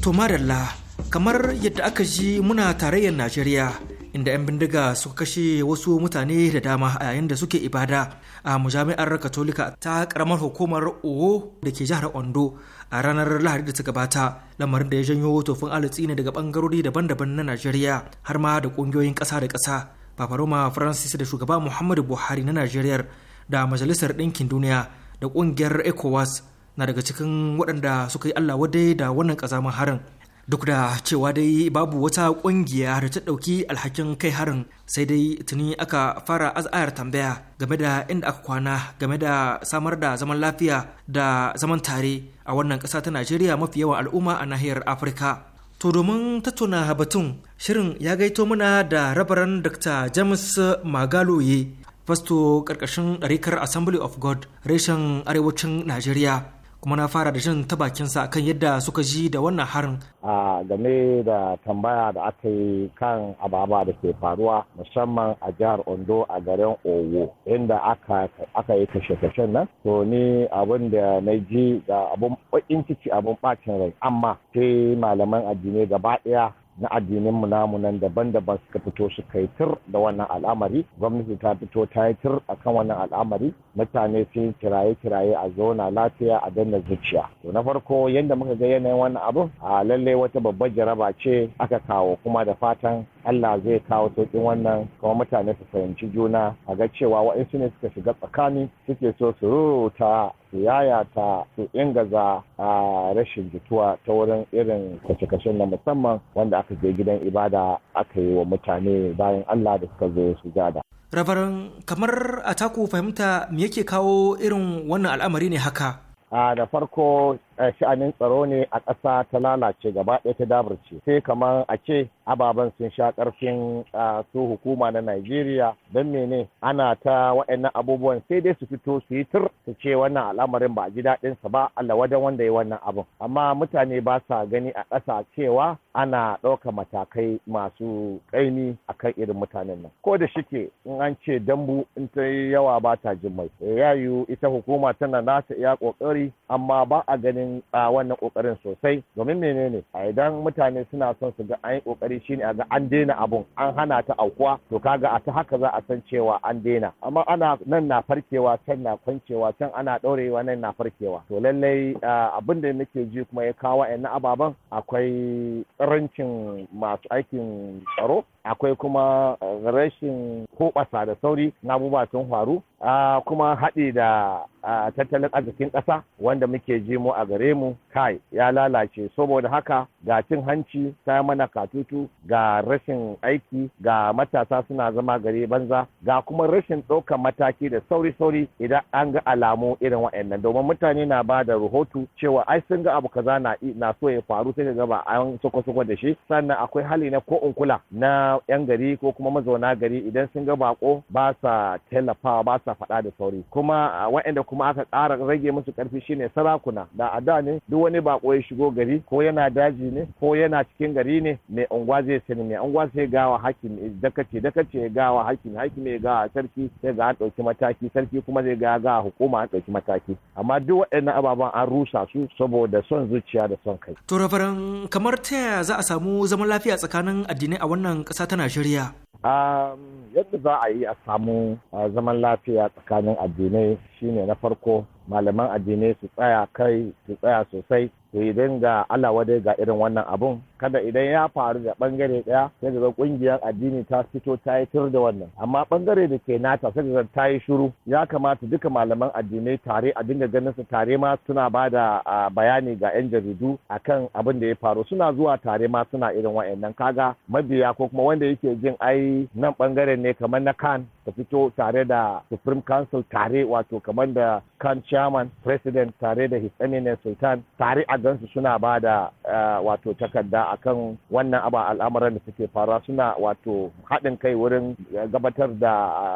A: To madalla kamar yadda aka ji muna tarayyar najeriya inda 'yan bindiga suka kashe wasu mutane da dama a yayin da suke ibada a majami'ar katolika ta karamar hukumar owo da ke jihar ondo a ranar lahadi da ta gabata lamarin da ya janyo tofin alitsi daga bangarori daban-daban na najeriya har ma da kungiyoyin kasa da kasa roma francis da shugaba muhammadu buhari na najeriya da majalisar ɗinkin duniya da ƙungiyar ecowas na daga cikin waɗanda suka yi allah wadai da wannan ƙazamin harin duk da cewa dai babu wata kungiya da ta ɗauki alhakin kai harin sai dai tuni aka fara az'ayar tambaya game da inda aka kwana game da samar da zaman lafiya da zaman tare a wannan ƙasa ta najeriya mafi yawan al'umma a nahiyar afirka to domin tattauna batun shirin ya gaito muna da rabaran dr james magaloye fasto ƙarƙashin ɗarikar assembly of god reshen arewacin najeriya kuma na fara da jin ta sa kan yadda suka ji da wannan harin.
L: A game da tambaya da aka yi kan ababa da ke faruwa musamman a jihar Ondo a garin Owo inda aka yi kashe-kashen nan. To ni abin da na ji ga abin ciki abin bacin rai amma sai malaman addinai gaba ɗaya na addinin mu namu nan daban-daban suka fito suka yi tur da wannan al'amari gwamnati ta fito ta yi a kan wannan al'amari mutane sun kiraye-kiraye a zauna lafiya a danna zuciya to na farko yadda muka ga yanayin wannan abu a lallai wata babbar jaraba ce aka kawo kuma da fatan Allah zai kawo sauƙin wannan kuma mutane su fahimci juna a ga cewa wa'insu ne suka shiga tsakani suke so su rurruta su yayata su ingaza a rashin jituwa ta wurin irin kashe-kashen na musamman wanda aka je gidan ibada aka yi wa mutane bayan Allah da suka zo su sujada.
A: Rabarin kamar a taku fahimta me yake kawo irin wannan al'amari ne haka?
L: A da farko sha'anin tsaro ne a ƙasa ta lalace gaba ɗaya ta dabarce sai kamar a ce ababen sun sha ƙarfin su hukuma na Najeriya don mene ana ta waɗannan abubuwan sai dai su fito su yi tur su ce wannan al'amarin ba a ji daɗin sa ba Allah wajen wanda ya wannan abun amma mutane ba sa gani a ƙasa cewa ana ɗauka matakai masu ƙaini akan irin mutanen nan ko da shike in an ce dambu in ta yawa ba ta jin mai yayu ita hukuma tana nata iya ƙoƙari amma ba a ganin A wannan kokarin sosai domin menene a idan mutane suna son su ga an yi kokari shine a ga an daina abun an hana ta aukuwa to kaga a ta haka za a san cewa an daina amma ana nan na farkewa can na kwancewa can ana ɗaurewa nan na farkewa to lallai abin da nake ji kuma ya kawo yan ababen akwai tsarancin masu aikin tsaro akwai kuma eh, rashin kobasa da sauri na abubuwa sun faru ah, kuma haɗi da ah, tattalin arzikin ƙasa wanda muke ji mu a gare mu kai ya lalace saboda haka ga cin hanci ta mana katutu ga rashin aiki ga matasa suna zama gare banza ga kuma rashin ɗaukan mataki da sauri-sauri idan an ga alamu irin waɗannan domin mutane na ba da rahoto cewa ai sun ga abu kaza na so ya faru sai ga ba an soko-soko da shi sannan akwai hali na ko unkula na 'yan gari ko kuma mazauna gari idan sun ga bako ba sa tallafawa ba sa faɗa da sauri kuma waɗanda kuma aka ƙara rage musu ƙarfi shine sarakuna da a da ne duk wani bako ya shigo gari ko yana daji ne ko yana cikin gari ne mai unguwa zai sani mai unguwa sai gawa hakimi dakace dakace ya gawa hakimi hakimi ya gawa sarki sai ga an ɗauki mataki sarki kuma zai ga ga hukuma an ɗauki mataki amma duk waɗannan ababen an rusa su saboda son zuciya da son kai.
A: to rabaran kamar ta za a samu zaman lafiya tsakanin addinai a wannan ƙasa ƙasa ta Najeriya?
L: Um, yadda za a yi a samu uh, zaman lafiya tsakanin addinai shine na farko malaman addinai su tsaya kai su tsaya sosai su yi dinga Allah wadai ga irin wannan abun kada idan ya faru da bangare daya sai ga kungiyar addini ta fito ta yi tur da wannan amma bangare da ke nata sai ga ta yi shuru ya kamata duka malaman addinai tare a dinga ganin su tare ma suna ba da bayani ga yan jaridu akan abin da ya faru suna zuwa tare ma suna irin wa'annan kaga mabiya ko kuma wanda yake jin ai nan bangaren ne kamar na kan ta fito tare da Supreme Council tare wato kamar da kan chairman president tare da his eminence sultan tare a gansu suna ba da eh, wato takarda akan wannan aba al'amuran da suke faruwa suna wato haɗin kai wurin gabatar da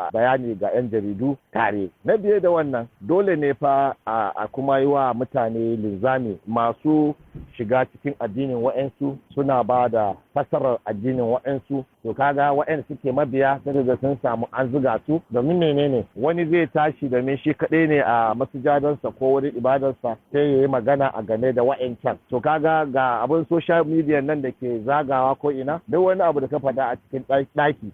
L: eh, bayani ga 'yan jaridu tare na biye da wannan dole ne fa a kuma yi wa mutane linzami masu shiga cikin addinin wa'yansu suna ba da fassarar addinin waɗansu to kaga waɗanda suke mabiya sai ga sun samu an zuga su domin menene wani zai tashi da shi kaɗai ne a masujadansa ko wani ibadarsa sai ya yi magana a game da wa'ancan to kaga ga abin social media nan da ke zagawa ko ina duk wani abu da ka faɗa a cikin ɗaki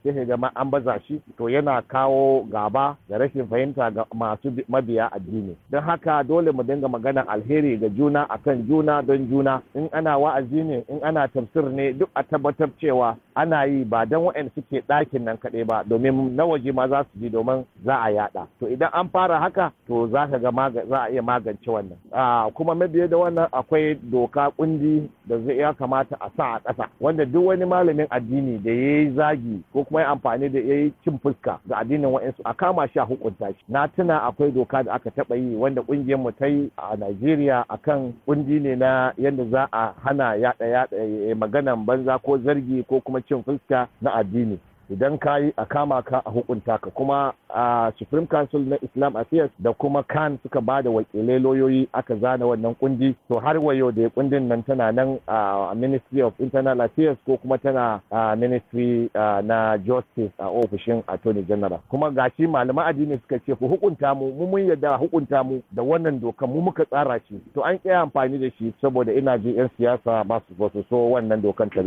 L: sai ka gama an baza shi to yana kawo gaba da rashin fahimta ga masu mabiya addini don haka dole mu dinga magana alheri ga juna akan juna don juna in ana wa'azi ne in ana tafsir ne duk a tabbatar cewa ana yi ba don wa'anda suke ɗakin nan kaɗai ba domin na waje ma za su ji domin za a yaɗa to idan an fara haka to za ka ga za a iya magance wannan ah, kuma mabiye da wannan akwai doka kundi da zai ya kamata a sa a ƙasa wanda duk wani malamin addini da ya yi zagi ko kuma ya amfani da ya yi cin fuska ga addinin waɗansu a kama shi a hukunta shi na tuna akwai doka da aka taɓa yi wanda ƙungiyar mu ta yi a Najeriya akan kundi ne na yadda za a hana yaɗa yaɗa eh, maganan banza ko zargi ko kuma cin fuska na addini idan ka yi a kama ka a hukunta ka kuma a supreme council na islam affairs da kuma kan suka ba da wakilai loyoyi aka zana wannan kundi to har wayo da ya kundin nan tana nan a ministry of internal affairs ko kuma tana a ministry na justice a ofishin attorney general kuma gashi malaman addini suka ce ku hukunta mu mu mun yadda hukunta mu da wannan dokan mu muka tsara shi to an kiya amfani da shi saboda ina jin yan siyasa ba su so wannan dokan ta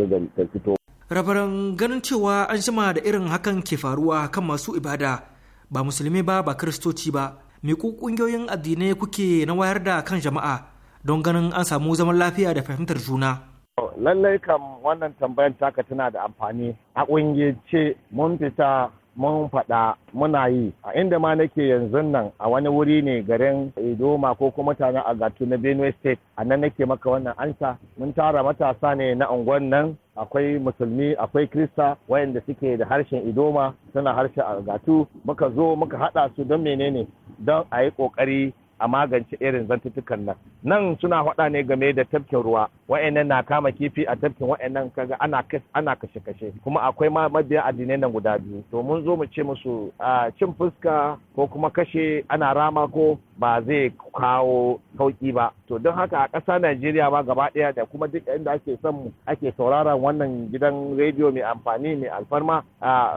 L: fito
A: rabaran ganin cewa an shima da irin hakan ke faruwa kan masu ibada ba musulmi ba ba kiristoci ba me ku kungiyoyin addinai kuke na wayar da kan jama'a don ganin an samu zaman lafiya da fahimtar juna
L: lallai kam wannan tambayar taka tana da amfani a ce mun fita mun faɗa muna yi a inda ma nake yanzu nan a wani wuri ne garin idoma ko kuma mutanen agatu na benue state a nan nake maka wannan ansa mun tara matasa ne na unguwan nan akwai musulmi akwai krista wayanda suke da harshen idoma suna harshen agatu muka zo muka haɗa su don menene don a yi ƙoƙari a magance irin zantutukan nan nan suna faɗa ne game da tafkin ruwa wa'annan na kama kifi a tafkin wa'annan kaga ana ana kashe kashe kuma akwai ma mabiya addinai nan guda biyu to mun zo mu ce musu cin fuska ko kuma kashe ana rama ko ba zai kawo sauki ba to don haka a ƙasa Najeriya ba gaba ɗaya da kuma duk inda ake son mu ake sauraron wannan gidan rediyo mai amfani mai alfarma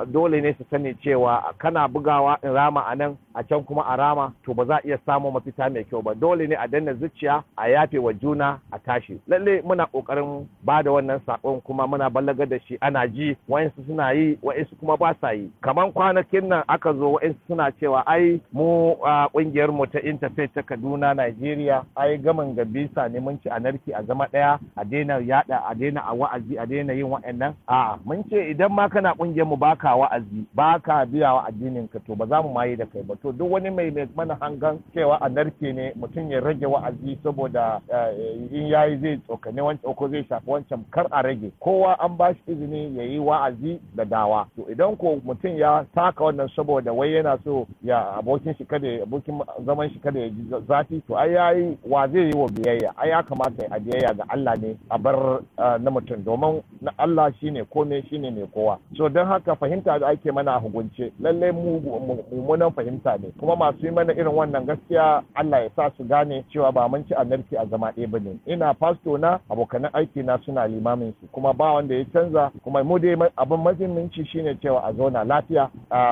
L: dole ne su sani cewa kana bugawa in rama a nan a can kuma a rama to ba za a iya samun mafita mai kyau ba dole ne a danna zuciya a yafe wa juna a tashi lalle muna kokarin ba da wannan sakon kuma muna balaga da shi ana ji wa'insu suna yi wa'insu kuma ba sa yi kaman kwanakin nan aka zo wa'insu suna cewa ai mu kungiyar mu ta interfaith ta Kaduna Nigeria ai gaman bisa ne mun ci anarki a zama daya a daina yada a daina a wa'azi a daina yin wa'annan a mun ce idan ma kana kungiyar mu baka wa'azi baka biya wa addinin ka to ba za mu maye da kai ba to duk wani mai mana hangan cewa narke ne mutum ya rage wa'azi saboda eh, in yayi zai tsokane wancan ko zai shafi wancan kar a rage kowa an ba shi izini ya yi wa'azi da dawa to idan ko mutum ya taka wannan saboda wai yana so ya abokin shi kada abokin zaman shi kada ya ji zafi to ai yayi wa zai yi wa biyayya ai ya kamata a biyayya ga Allah ne a bar eh, na mutum domin na Allah shine kome shine mai kowa so don haka fahimta da ake mana hukunce lallai mu mummunan fahimta ne kuma masu yi mana irin wannan gaskiya Allah ya sa su gane cewa ba mun ci annabci a zama ɗaya ne. ina fasto na abokan aiki na suna limamin su kuma ba wanda ya canza kuma mu dai abin mahimmanci shine cewa a zauna lafiya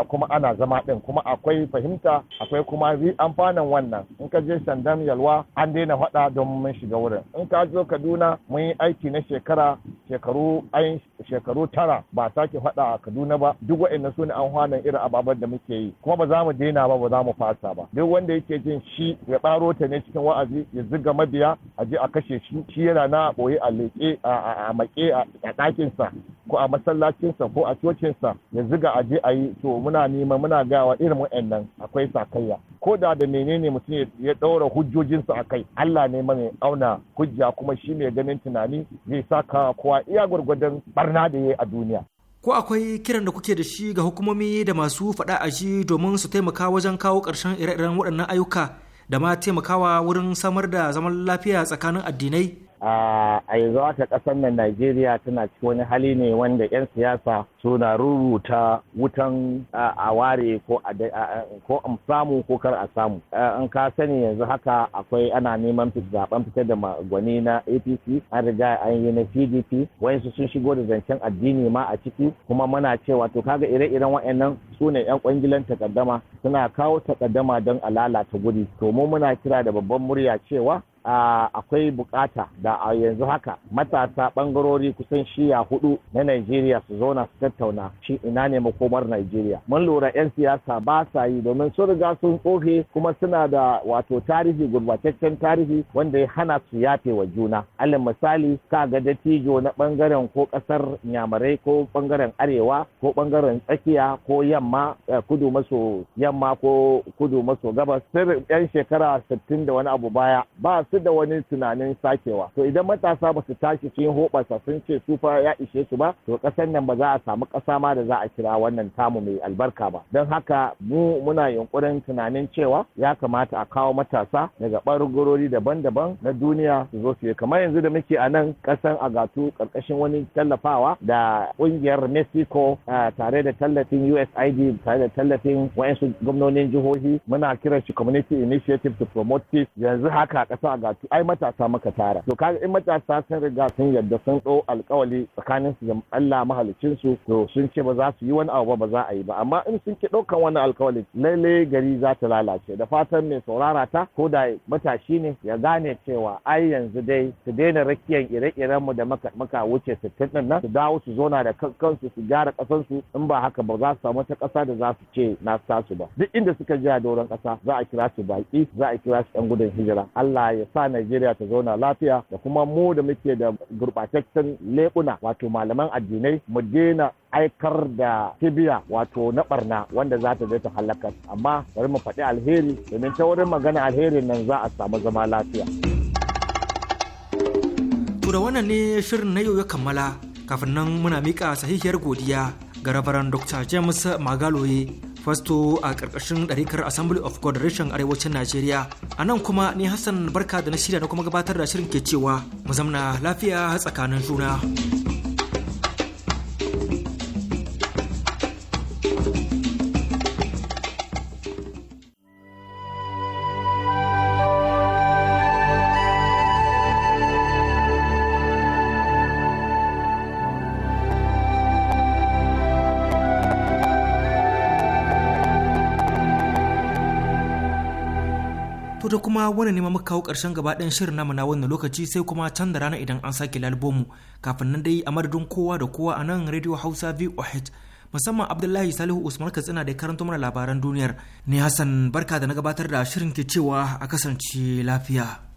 L: kuma ana zama ɗin kuma akwai fahimta akwai kuma amfanin wannan in ka je sandam yalwa an daina faɗa don mun shiga wurin in ka zo kaduna mun yi aiki na shekara shekaru ayin shekaru tara ba sake faɗa a kaduna ba duk waɗannan su ne an hwanan irin ababen da muke yi kuma ba za mu daina ba ba za mu fasa ba duk wanda yake jin shi shi ya ɓaro ta ne cikin wa'azi ya ziga mabiya a je a kashe shi shi yana na ɓoye a leƙe a maƙe a ɗakinsa ko a masallacinsa ko a cocinsa ya ziga a je a yi to muna nema muna gawa irin wa'annan akwai sakayya ko da da menene mutum ya ɗaura hujjojinsa a kai Allah ne mai auna hujja kuma shi mai ganin tunani zai saka kowa iya gwargwadon barna da ya a duniya.
A: Ko akwai kiran da kuke da shi ga hukumomi da masu faɗa a shi domin su taimaka wajen kawo ƙarshen ire-iren waɗannan ayyuka da ma taimakawa wurin samar da zaman
L: lafiya tsakanin addinai a yanzu haka kasar nan Najeriya tana ci wani hali ne wanda 'yan siyasa suna rubuta wutan a ware ko a samu ko kar a samu. In ka sani yanzu haka akwai ana neman zaben fitar da magwani na APC an riga an yi na PDP wayansu sun shigo da zancen addini ma a ciki kuma muna cewa to kaga ire-iren waɗannan su ne 'yan kwangilan takaddama suna kawo takaddama don a lalata guri. To mu muna kira da babban murya cewa akwai bukata da a yanzu haka matasa bangarori kusan shiya hudu na Najeriya su zauna su tattauna shi ina ne makomar Najeriya. Mun lura 'yan siyasa ba sa yi domin sun riga sun tsohe kuma suna da wato tarihi gurbataccen tarihi wanda ya hana su yafe wa juna. Alin misali ka ga dattijo na bangaren ko kasar nyamarai ko bangaren arewa ko bangaren tsakiya ko yamma eh, kudu maso yamma ko kudu maso gabas. Sirrin 'yan shekara 60 da wani abu baya ba su su da wani tunanin sakewa to idan matasa ba su tashi sun hoɓasa sun ce su fa ya ishe su ba to ƙasar nan ba za a samu kasa ma da za a kira wannan tamu mai albarka ba don haka mu muna yunkurin tunanin cewa ya kamata a kawo matasa daga ɓangarori daban-daban na duniya su zo su yi kamar yanzu da muke a nan ƙasan agatu ƙarƙashin wani tallafawa da ƙungiyar mexico tare da tallafin usaid tare da tallafin wa'yansu gwamnonin jihohi muna kiran shi community initiative to promote peace yanzu haka ƙasar karatu ai matasa maka tara to kaga in matasa sun riga sun yadda sun ɗau alƙawali tsakanin su da Allah mahalicin su to sun ce ba za su yi wani abu ba za a yi ba amma in sun ki ɗaukan wani alƙawali lalle gari za ta lalace da fatan mai saurara ta ko da matashi ne ya gane cewa ai yanzu dai su daina rakiyan ire-iren mu da maka maka wuce sittin din nan su dawo su zona da kansu su gyara su. in ba haka ba za su samu wata ƙasa da za su ce na su ba duk inda suka je a doron ƙasa za a kira su baƙi za a kira su 'yan gudun hijira Allah ya sa Najeriya ta zauna lafiya da kuma mu da muke da gurɓataccen leƙuna wato malaman addinai mu daina aikar da kibiya wato na barna wanda za ta zai ta halakar amma bari mu faɗi alheri domin ta wurin magana alheri nan za a samu zama lafiya.
A: da wannan ne shirin na yau ya kammala kafin nan muna miƙa sahihiyar godiya ga rabaran Dr. James Magaloye fasto a ƙarƙashin ɗarikar assembly of god reshen arewacin najeriya a nan kuma ni hassan barka da na shirya na kuma gabatar da shirin ke cewa mu zamna lafiya tsakanin juna. da wani ne muka kawo ƙarshen gaba ɗayan shirin namu na wannan lokaci sai kuma can da rana idan an sake lalbomu kafin nan dai a madadin kowa da kowa a nan radio hausa voh musamman abdullahi salihu usman katsina da karanto mana labaran duniyar ni hassan barka da na gabatar da shirin ke cewa a kasance lafiya